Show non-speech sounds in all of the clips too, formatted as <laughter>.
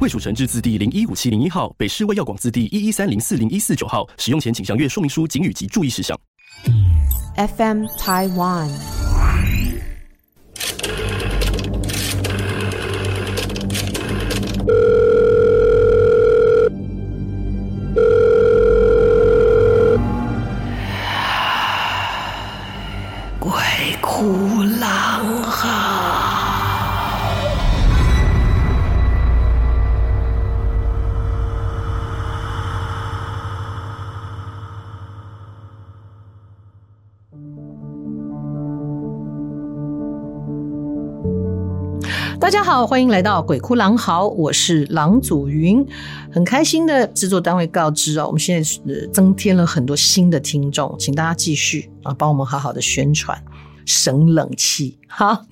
衛署成製字第零一五七零一號，北市衛藥廣字第幺幺三零四零一四九號。使用前請詳閱說明書、警語及注意事項。FM Taiwan。大家好，歡迎來到《鬼哭狼嚎》，好，我是郎祖筠，很開心的製作單位告知啊、哦，我們現在增添了很多新的聽眾，請大家繼續啊，幫我們好好的宣傳，省冷氣。好，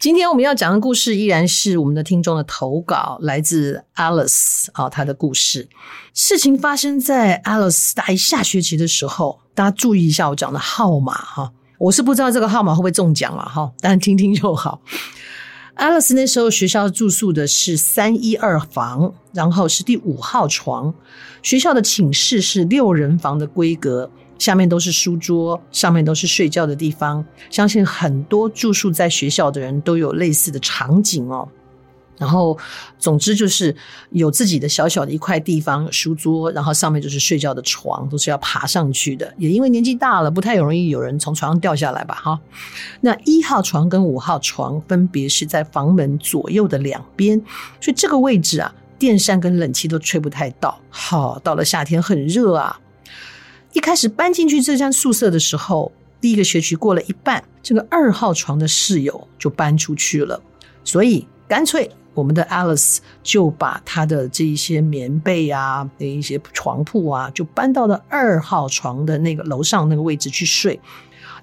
今天我們要講的故事依然是我們的聽眾的投稿，來自 Alice 啊、哦，他的故事。事情發生在 Alice 大一下學期的時候，大家注意一下我講的號碼哈、哦，我是不知道這個號碼會不會中獎了、啊、哈、哦，當然聽聽就好。Alice 那時候學校住宿的是三一二房，然後是第五號床。學校的寢室是六人房的規格，下面都是書桌，上面都是睡覺的地方。相信很多住宿在學校的人都有類似的場景哦。然後，總之就是有自己的小小的一塊地方，書桌，然後上面就是睡覺的床，都是要爬上去的。也因為年紀大了，不太容易有人從床上掉下來吧，哈。那一號床跟五號床分別是在房門左右的兩邊，所以這個位置啊，電扇跟冷氣都吹不太到。好、哦，到了夏天很熱啊。一開始搬進去這間宿舍的時候，第一個學期過了一半，這個二號床的室友就搬出去了，所以乾脆。我們的 Alice 就把她的這一些棉被啊、那一些床鋪啊，就搬到了二號床的那個樓上那個位置去睡。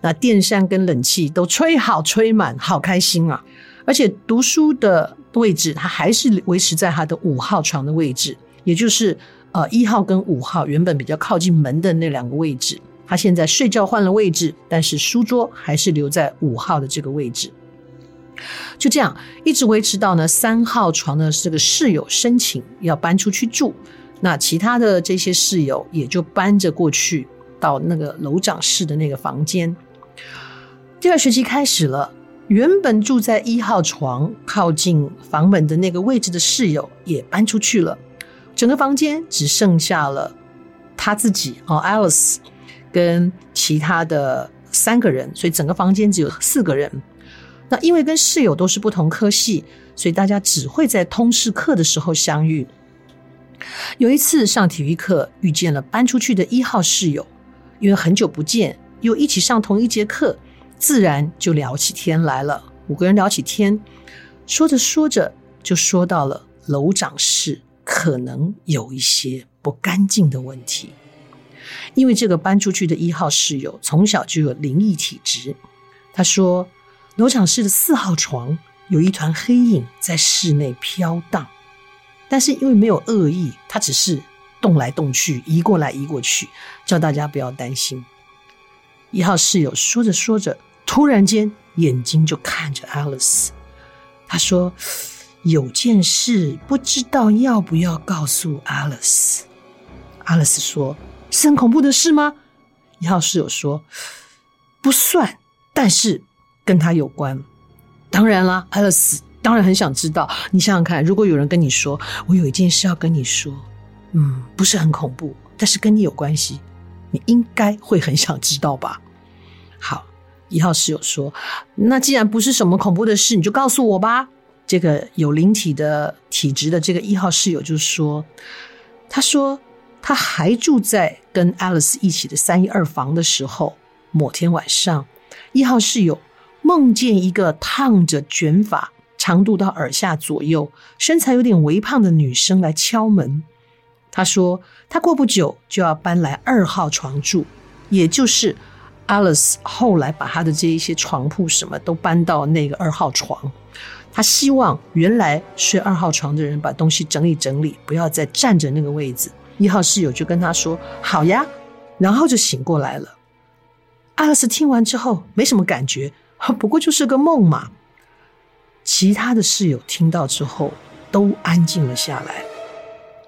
那電扇跟冷氣都吹好、吹滿，好開心啊！而且讀書的位置，她還是維持在她的五號床的位置，也就是呃一號跟五號原本比較靠近門的那兩個位置。她現在睡覺換了位置，但是書桌還是留在五號的這個位置。就這樣一直維持到呢，三號床的這個室友申請要搬出去住，那其他的這些室友也就搬着過去到那個樓長室的那個房間。第二學期開始了，原本住在一號床靠近房門的那個位置的室友也搬出去了，整個房間只剩下了他自己哦，Alice 跟其他的三個人，所以整個房間只有四個人。那因為跟室友都是不同科系，所以大家只會在通識課的時候相遇。有一次上體育課遇見了搬出去的一號室友，因為很久不見，又一起上同一節課，自然就聊起天來了。五個人聊起天，說着說着就說到了樓長室可能有一些不乾淨的問題，因為這個搬出去的一號室友從小就有靈異體質，他說，牛場市的四號床有一團黑影在室內飄荡，但是因為沒有惡意，他只是動來動去，移過來移過去，叫大家不要擔心。一號室友說着說着，突然間眼睛就看着 Alice。他說：“有件事不知道要不要告訴 Alice。”Alice 說：“是很恐怖的事嗎？”一號室友說：“不算，但是。”跟他有關，當然啦，Alice 當然很想知道。你想想看，如果有人跟你說：“我有一件事要跟你說，嗯，不是很恐怖，但是跟你有關係，你應該會很想知道吧？”好，一號室友說：“那既然不是什麼恐怖的事，你就告訴我吧。”這個有靈體的體質的這個一號室友就說：“他說，他還住在跟 Alice 一起的三一二房的時候，某天晚上，一號室友。”夢見一個燙着捲髮、長度到耳下左右、身材有點微胖的女生來敲門。她說：“她過不久就要搬來二號床住，也就是 Alice 後來把他的這一些床鋪什麼都搬到那個二號床。他希望原來睡二號床的人把東西整理整理，不要再佔着那個位置。一號室友就跟他說：“好呀。”然後就醒過來了。Alice 聽完之後沒什麼感覺。不過就是個夢嘛。其他的室友聽到之後，都安靜了下來，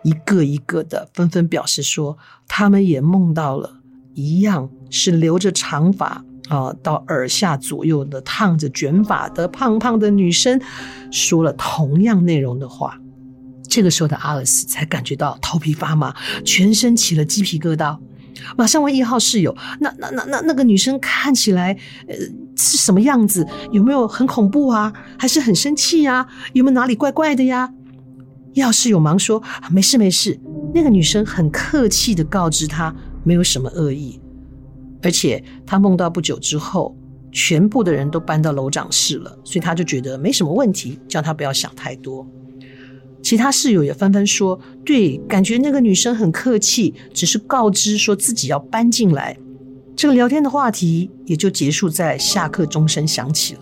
一個一個的紛紛表示說，他們也夢到了一樣是留着長髮啊，到耳下左右的燙着卷髮的胖胖的女生，說了同樣內容的話。這個時候的 Alice 才感覺到頭皮發麻，全身起了雞皮疙瘩。馬上問一號室友：“那那那那那個女生看起來，呃，是什麼樣子？有沒有很恐怖啊？還是很生氣啊？有沒有哪裡怪怪的呀？”一號室友忙說：“沒事沒事。”那個女生很客氣的告知他沒有什麼惡意，而且他夢到不久之後全部的人都搬到樓長室了，所以他就覺得沒什麼問題，叫他不要想太多。其他室友也紛紛說：“對，感覺那個女生很客氣，只是告知說自己要搬進來。”這個聊天的話題也就結束，在下課鐘聲響起了。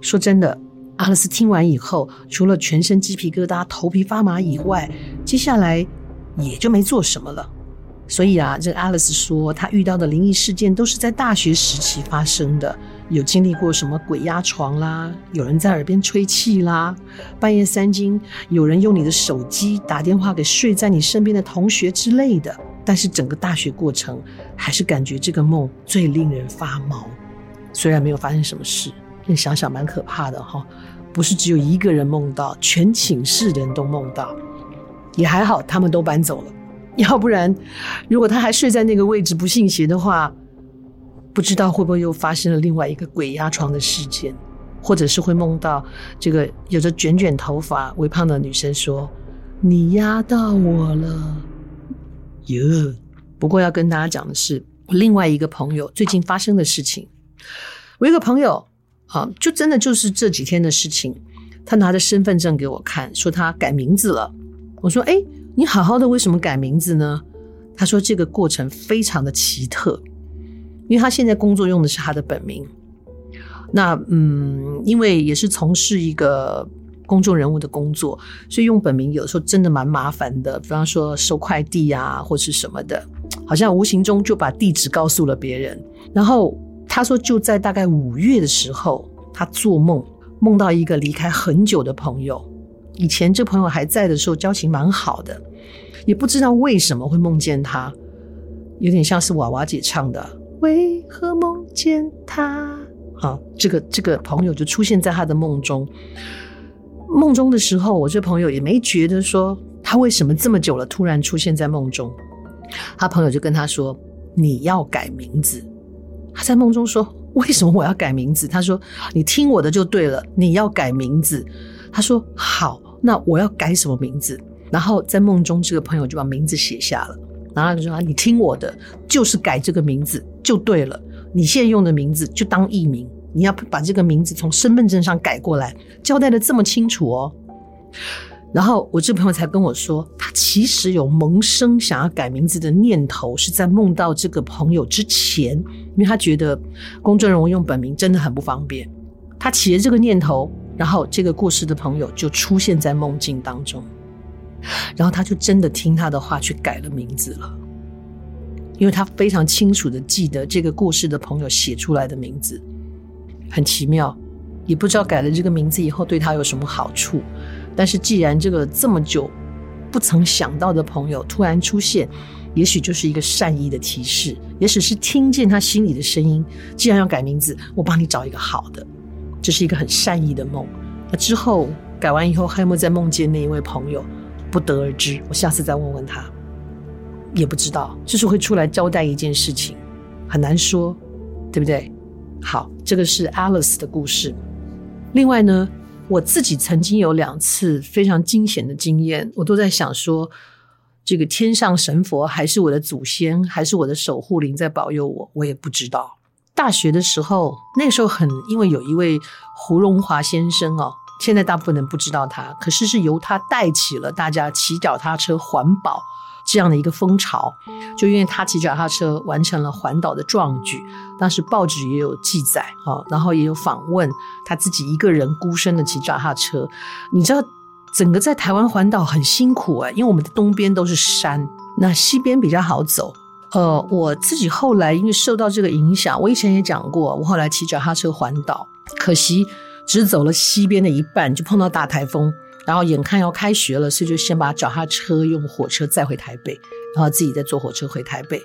說真的，Alice 聽完以後，除了全身雞皮疙瘩、頭皮發麻以外，接下來也就沒做什麼了。所以啊，這阿 l i c e 說他遇到的靈異事件都是在大學時期發生的，有經歷過什麼鬼壓床啦，有人在耳邊吹氣啦，半夜三更有人用你的手機打電話給睡在你身邊的同學之類的。但是整個大學過程還是感覺這個夢最令人發毛，雖然沒有發生什麼事，但想想蠻可怕的哈。不是只有一個人夢到，全寢室的人都夢到，也還好他們都搬走了。要不然，如果他還睡在那個位置不信邪的話，不知道會不會又發生了另外一個鬼壓床的事件，或者是會夢到這個有着卷卷頭髮微胖的女生說：“你壓到我了。”耶 Yeah. 不過要跟大家講的是，另外一個朋友最近發生的事情。我一個朋友啊，就真的就是這幾天的事情，他拿着身份證給我看，說他改名字了。我說：“哎。”你好好的，為什麼改名字呢？他說，這個過程非常的奇特，因為他現在工作用的是他的本名。那嗯，因為也是從事一個公眾人物的工作，所以用本名有時候真的蠻麻煩的。比方說收快遞呀、啊，或是什麼的，好像無形中就把地址告訴了別人。然後他說，就在大概五月的時候，他做夢夢到一個離開很久的朋友。以前這朋友還在的時候，交情蠻好的，也不知道為什麼會夢見他，有點像是娃娃姐唱的啊，《為何夢見他》。好，這個這個朋友就出現在他的夢中。夢中的時候，我這朋友也沒覺得說他為什麼這麼久了突然出現在夢中。他朋友就跟他說：“你要改名字。”他在夢中說：“為什麼我要改名字？”他說：“你聽我的就對了，你要改名字。”他說：“好。”那我要改什麼名字？然後在夢中，這個朋友就把名字寫下了。然後他就說：“你聽我的，就是改這個名字就對了。你現在用的名字就當藝名，你要把這個名字從身份證上改過來。”交代得這麼清楚哦。然後我這朋友才跟我說，他其實有萌生想要改名字的念頭，是在夢到這個朋友之前，因為他覺得公眾人物用本名真的很不方便，他起了這個念頭。然後，這個過世的朋友就出現在夢境當中，然後他就真的聽他的話去改了名字了，因為他非常清楚的記得這個過世的朋友寫出來的名字，很奇妙，也不知道改了這個名字以後對他有什麼好處。但是，既然這個這麼久不曾想到的朋友突然出現，也許就是一個善意的提示，也許是聽見他心裡的聲音。既然要改名字，我幫你找一個好的。這是一個很善意的夢，那之後改完以後，還沒再夢見那一位朋友，不得而知。我下次再問問他，也不知道，就是會出來交代一件事情，很難說，對不對？好，這個是 Alice 的故事。另外呢，我自己曾經有兩次非常驚險的經驗，我都在想說，這個天上神佛還是我的祖先，還是我的守護靈在保佑我，我也不知道。大學的時候，那個時候很，因為有一位胡榮華先生哦，現在大部分人不知道他，可是是由他帶起了大家騎腳踏車環保這樣的一個風潮，就因為他騎腳踏車完成了環島的壯舉，當時報紙也有記載，哦，然後也有訪問他自己一個人孤身的騎腳踏車，你知道整個在台灣環島很辛苦誒，因為我們的東邊都是山，那西邊比較好走。呃，我自己後來因為受到這個影響，我以前也講過，我後來騎腳踏車環島，可惜只走了西邊的一半，就碰到大台風，然後眼看要開學了，所以就先把腳踏車用火車載回台北，然後自己再坐火車回台北。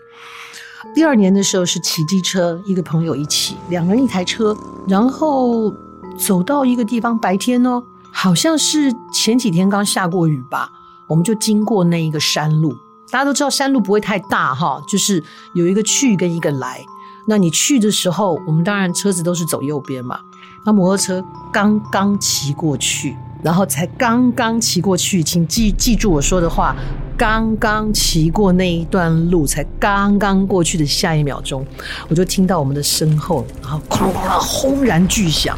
第二年的時候是騎機車，一個朋友一起，兩人一台車，然後走到一個地方，白天呢、哦，好像是前幾天剛下過雨吧，我們就經過那一個山路。大家都知道山路不會太大哈，就是有一個去跟一個來。那你去的時候，我們當然車子都是走右邊嘛。那摩托車剛剛騎過去，然後才剛剛騎過去，請記記住我說的話，剛剛騎過那一段路，才剛剛過去的下一秒鐘，我就聽到我們的身後，然後哐，轟然巨響，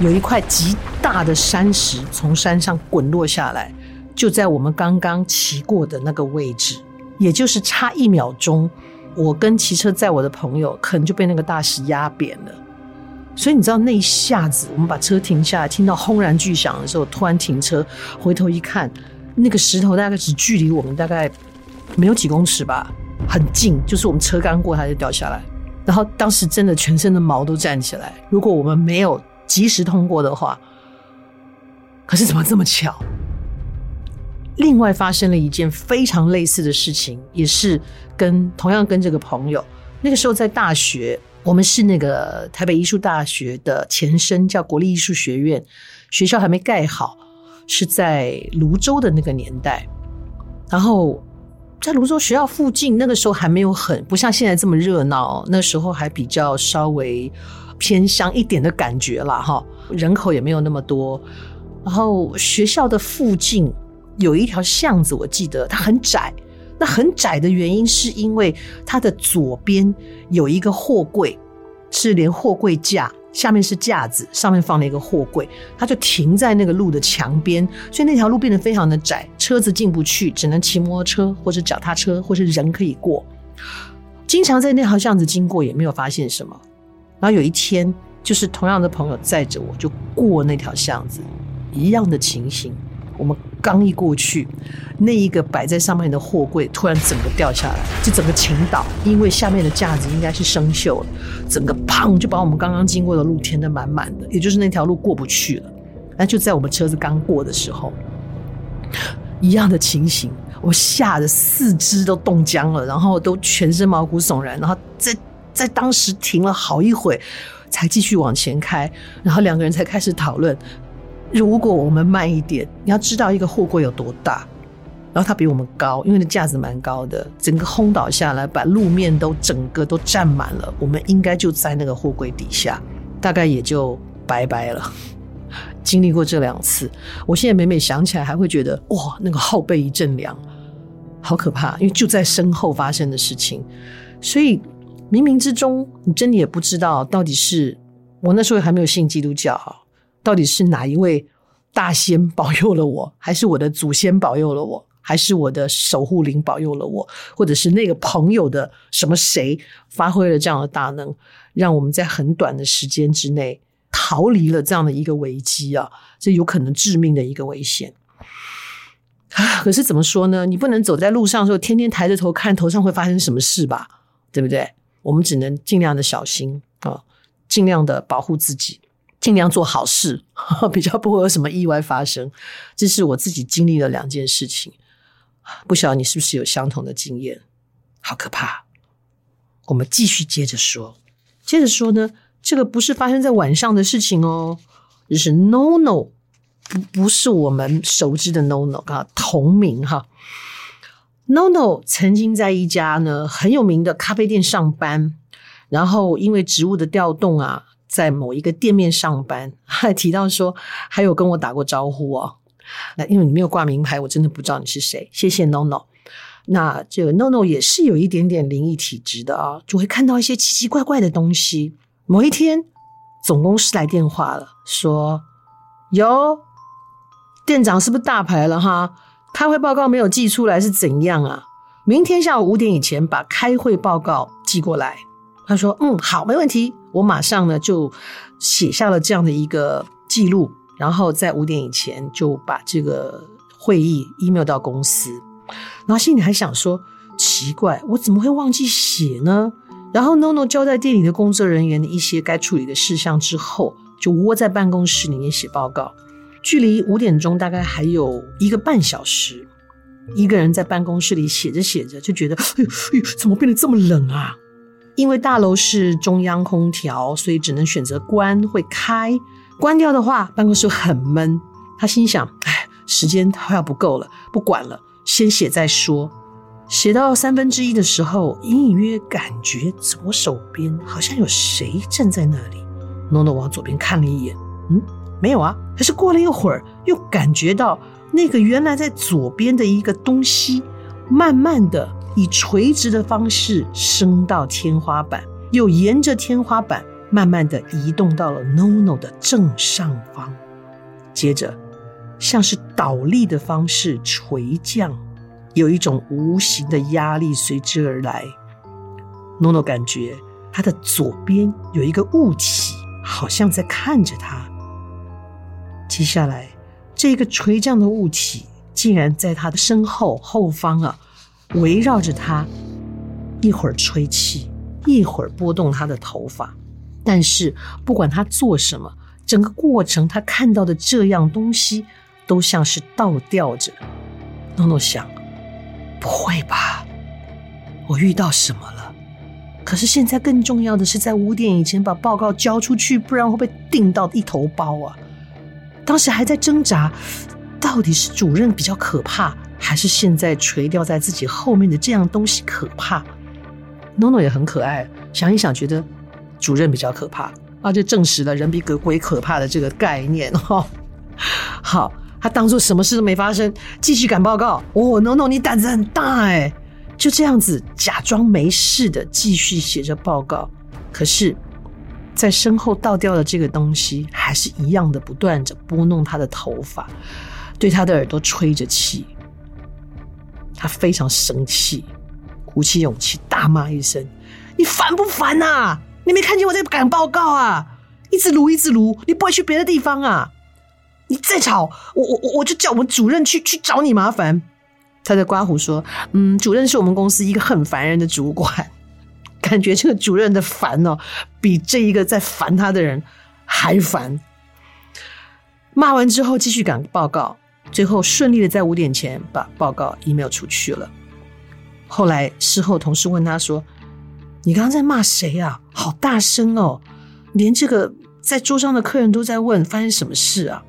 有一塊極大的山石從山上滾落下來。就在我們剛剛騎過的那個位置，也就是差一秒鐘，我跟騎車載我的朋友可能就被那個大石壓扁了。所以你知道那一下子，我們把車停下來，聽到轟然巨響的時候，突然停車，回頭一看，那個石頭大概只距離我們大概沒有幾公尺吧，很近，就是我們車剛過它就掉下來。然後當時真的全身的毛都站起來。如果我們沒有及時通過的話，可是怎麼這麼巧？另外發生了一件非常類似的事情，也是跟同樣跟這個朋友，那個時候在大學，我們是那個台北藝術大學的前身，叫國立藝術學院，學校還沒蓋好，是在蘆洲的那個年代，然後在蘆洲學校附近，那個時候還沒有很，不像現在這麼熱鬧，那時候還比較稍微偏鄉一點的感覺啦哈，人口也沒有那麼多，然後學校的附近。有一條巷子，我記得它很窄。那很窄的原因是因為它的左邊有一個貨櫃，是連貨櫃架，下面是架子，上面放了一個貨櫃，它就停在那個路的牆邊，所以那條路變得非常的窄，車子進不去，只能騎摩托車或者腳踏車或是人可以過。經常在那條巷子經過也沒有發現什麼，然後有一天就是同樣的朋友載着我就過那條巷子，一樣的情形，我們。剛一過去，那一個擺在上面的貨櫃突然整個掉下來，就整個傾倒，因為下面的架子應該是生鏽了，整個砰就把我們剛剛經過的路填得滿滿的，也就是那條路過不去了。那就在我們車子剛過的時候，一樣的情形，我嚇得四肢都凍僵了，然後都全身毛骨悚然，然後在在當時停了好一會，才繼續往前開，然後兩個人才開始討論。如果我們慢一點，你要知道一個貨櫃有多大，然後它比我們高，因為那架子蠻高的，整個轟倒下來，把路面都整個都佔滿了。我們應該就在那個貨櫃底下，大概也就拜拜了。經歷過這兩次，我現在每每想起來還會覺得哇，那個後背一陣涼，好可怕，因為就在身後發生的事情。所以冥冥之中，你真的也不知道到底是我那時候還沒有信基督教啊。到底是哪一位大仙保佑了我，還是我的祖先保佑了我，還是我的守護靈保佑了我，或者是那個朋友的什麼誰發揮了這樣的大能，讓我們在很短的時間之內逃離了這樣的一個危機啊，這有可能致命的一個危險。啊，可是怎麼說呢？你不能走在路上的時候天天抬着頭看頭上會發生什麼事吧，對不對？我們只能盡量的小心啊，盡量的保護自己。盡量做好事呵呵，比較不會有什麼意外發生。這是我自己經歷的兩件事情，不曉得你是不是有相同的經驗？好可怕！我們繼續接着說，接着說呢，這個不是發生在晚上的事情哦，是 Nono，不不是我們熟知的 Nono 啊，同名哈。Nono 曾經在一家呢很有名的咖啡店上班，然後因為職務的調動啊。在某一個店面上班，還提到說還有跟我打過招呼哦。那因為你沒有掛名牌，我真的不知道你是誰？謝謝 Nono。那這個 Nono 也是有一點點靈異體質的啊，就會看到一些奇奇怪怪的東西。某一天，總公司來電話了，說：“喲，店長是不是大牌了哈？開會報告沒有寄出來是怎樣啊？明天下午五點以前把開會報告寄過來。”他說：“嗯，好，沒問題。”我馬上呢就寫下了這樣的一個記錄，然後在五點以前就把這個會議 email 到公司，然後心裡還想說奇怪，我怎麼會忘記寫呢？然後 Nono 交代店裡的工作人員的一些該處理的事項之後，就窩在辦公室裡面寫報告。距離五點鐘大概還有一個半小時，一個人在辦公室裡寫着寫着，就覺得哎呦，哎呦，怎麼變得這麼冷啊？因為大樓是中央空調，所以只能選擇關會開。關掉的話，辦公室很悶。他心想：“哎，時間快要不夠了，不管了，先寫再說。”寫到三分之一的時候，隱隱約約感覺左手邊好像有誰站在那裡。諾諾往左邊看了一眼，“嗯，沒有啊。”可是過了一會兒，又感覺到那個原來在左邊的一個東西，慢慢的，以垂直的方式升到天花板，又沿着天花板慢慢地移動到了 Nono 的正上方，接着像是倒立的方式垂降，有一種無形的壓力隨之而來。Nono 感覺他的左邊有一個物體，好像在看着他。接下來，這個垂降的物體竟然在他的身後後方啊！圍繞着他，一會兒吹氣，一會兒撥動他的頭髮，但是不管他做什麼，整個過程他看到的這樣東西都像是倒吊着。諾諾想：“不會吧？我遇到什麼了？”可是現在更重要的是，在五點以前把報告交出去，不然會被釘到一頭包啊！當時還在掙扎，到底是主任比較可怕，還是現在垂吊在自己後面的這樣東西可怕？諾諾也很可愛，想一想覺得主任比較可怕，啊，就證實了人比鬼鬼可怕的這個概念哈、哦。好，他當做什麼事都沒發生，繼續趕報告。哦，諾諾，你膽子很大哎、欸，就這樣子假裝沒事的繼續寫着報告。可是，在身後倒吊的這個東西還是一樣的，不斷的撥弄他的頭髮，對他的耳朵吹着氣。他非常生氣，鼓起勇氣大罵一聲：“你煩不煩啊？你沒看見我在趕報告啊？一直盧一直盧，你不會去別的地方啊？你再吵，我我我我就叫我們主任去去找你麻煩。”他在括弧說：“嗯，主任是我們公司一個很煩人的主管，感覺這個主任的煩哦，比這一個在煩他的人還煩。”罵完之後，繼續趕報告。最後順利的在五點前把報告 email 出去了。後來事後同事問他說：“你剛剛在罵誰啊？好大聲哦！連這個在桌上的客人都在問發生什麼事啊？”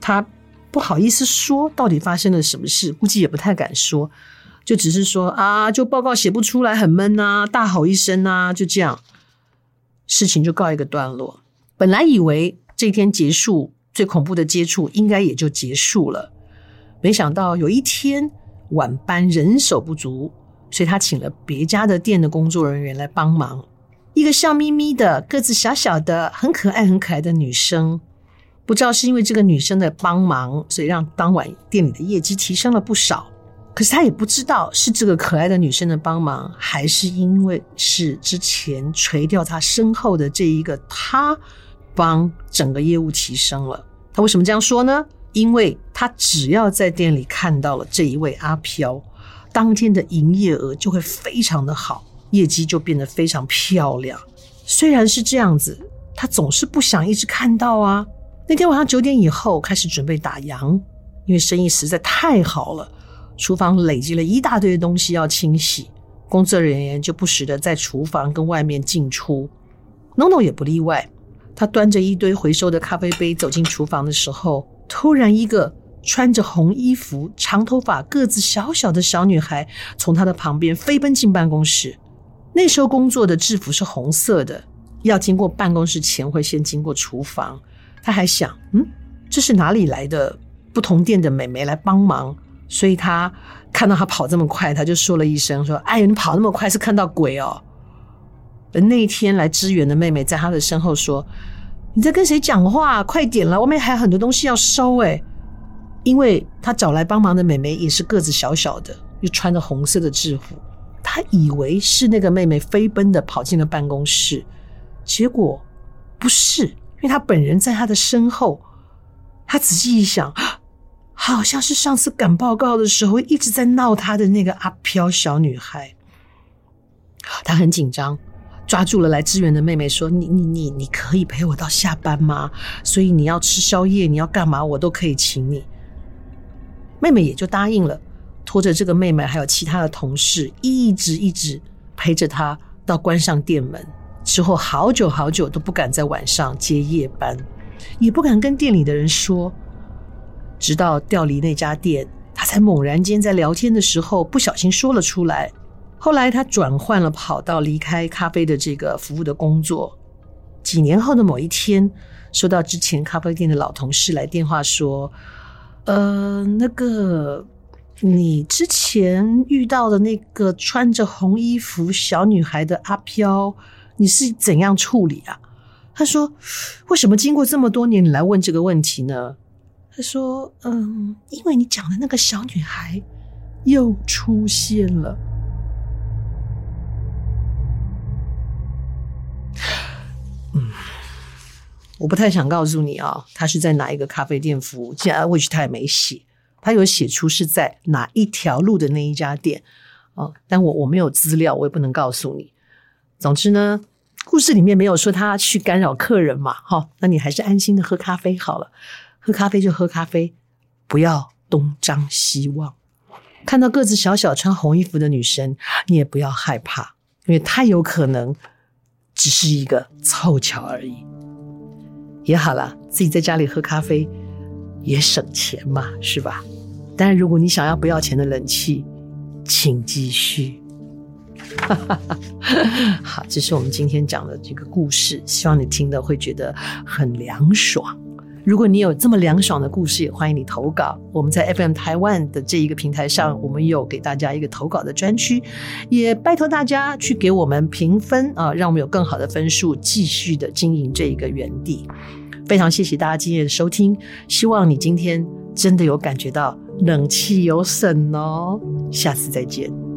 他不好意思說到底發生了什麼事，估計也不太敢說，就只是說：“啊，就報告寫不出來，很悶啊，大吼一聲啊，就這樣。”事情就告一個段落。本來以為這一天結束。最恐怖的接觸應該也就結束了，沒想到有一天晚班人手不足，所以他請了別家的店的工作人員來幫忙。一個笑眯眯的、個子小小的、很可愛、很可愛的女生，不知道是因為這個女生的幫忙，所以讓當晚店裡的業績提升了不少。可是他也不知道是這個可愛的女生的幫忙，還是因為是之前垂掉他身後的這一個她。幫整個業務提升了。他為什麼這樣說呢？因為他只要在店裡看到了這一位阿飄，當天的營業額就會非常的好，業績就變得非常漂亮。雖然是這樣子，他總是不想一直看到啊。那天晚上九點以後開始準備打烊，因為生意實在太好了，廚房累積了一大堆的東西要清洗，工作人員就不時的在廚房跟外面進出，Nono 也不例外。他端着一堆回收的咖啡杯走進廚房的時候，突然一個穿着紅衣服、長頭髮、個子小小的小女孩從他的旁邊飛奔進辦公室。那時候工作的制服是紅色的，要經過辦公室前會先經過廚房。他還想，嗯，這是哪裡來的不同店的美眉來幫忙？所以他看到她跑這麼快，他就說了一聲說：“哎，你跑那麼快是看到鬼哦。”那一天來支援的妹妹在他的身後說。你在跟誰講話？快點了，外面還有很多東西要收欸！因為他找來幫忙的美眉也是個子小小的，又穿着紅色的制服，他以為是那個妹妹飛奔的跑進了辦公室，結果不是，因為他本人在他的身後。他仔細一想，好像是上次趕報告的時候一直在鬧他的那個阿飄小女孩，他很緊張。抓住了來支援的妹妹，說：“你你你，你可以陪我到下班嗎？所以你要吃宵夜，你要幹嘛，我都可以請你。”妹妹也就答應了，拖着這個妹妹還有其他的同事，一直一直陪着她到關上店門之後，好久好久都不敢在晚上接夜班，也不敢跟店裡的人說，直到調離那家店，她才猛然間在聊天的時候不小心說了出來。後來他轉換了跑道，離開咖啡的這個服務的工作。幾年後的某一天，收到之前咖啡店的老同事來電話說：“呃，那個你之前遇到的那個穿着紅衣服小女孩的阿飄，你是怎樣處理啊？”他說：“為什麼經過這麼多年，你來問這個問題呢？”他說：“嗯，因為你講的那個小女孩又出現了。”嗯，我不太想告訴你啊、哦，他是在哪一個咖啡店服務，竟然 which 他也沒寫，他有寫出是在哪一條路的那一家店哦，但我我沒有資料，我也不能告訴你。總之呢，故事裡面沒有說他去干擾客人嘛，哈、哦，那你還是安心的喝咖啡好了，喝咖啡就喝咖啡，不要東張西望，看到個子小小穿紅衣服的女生，你也不要害怕，因為她有可能。只是一個湊巧而已，也好了，自己在家裡喝咖啡，也省錢嘛，是吧？但是如果你想要不要錢的冷氣，請繼續。 <laughs> 好，這是我們今天講的這個故事，希望你聽的會覺得很涼爽。如果你有這麼涼爽的故事，也歡迎你投稿。我們在 FM 台灣的這一個平台上，我們有給大家一個投稿的專區，也拜托大家去給我們評分啊，讓我們有更好的分數，繼續的經營這一個園地。非常謝謝大家今天的收聽，希望你今天真的有感覺到冷氣有省哦。下次再見。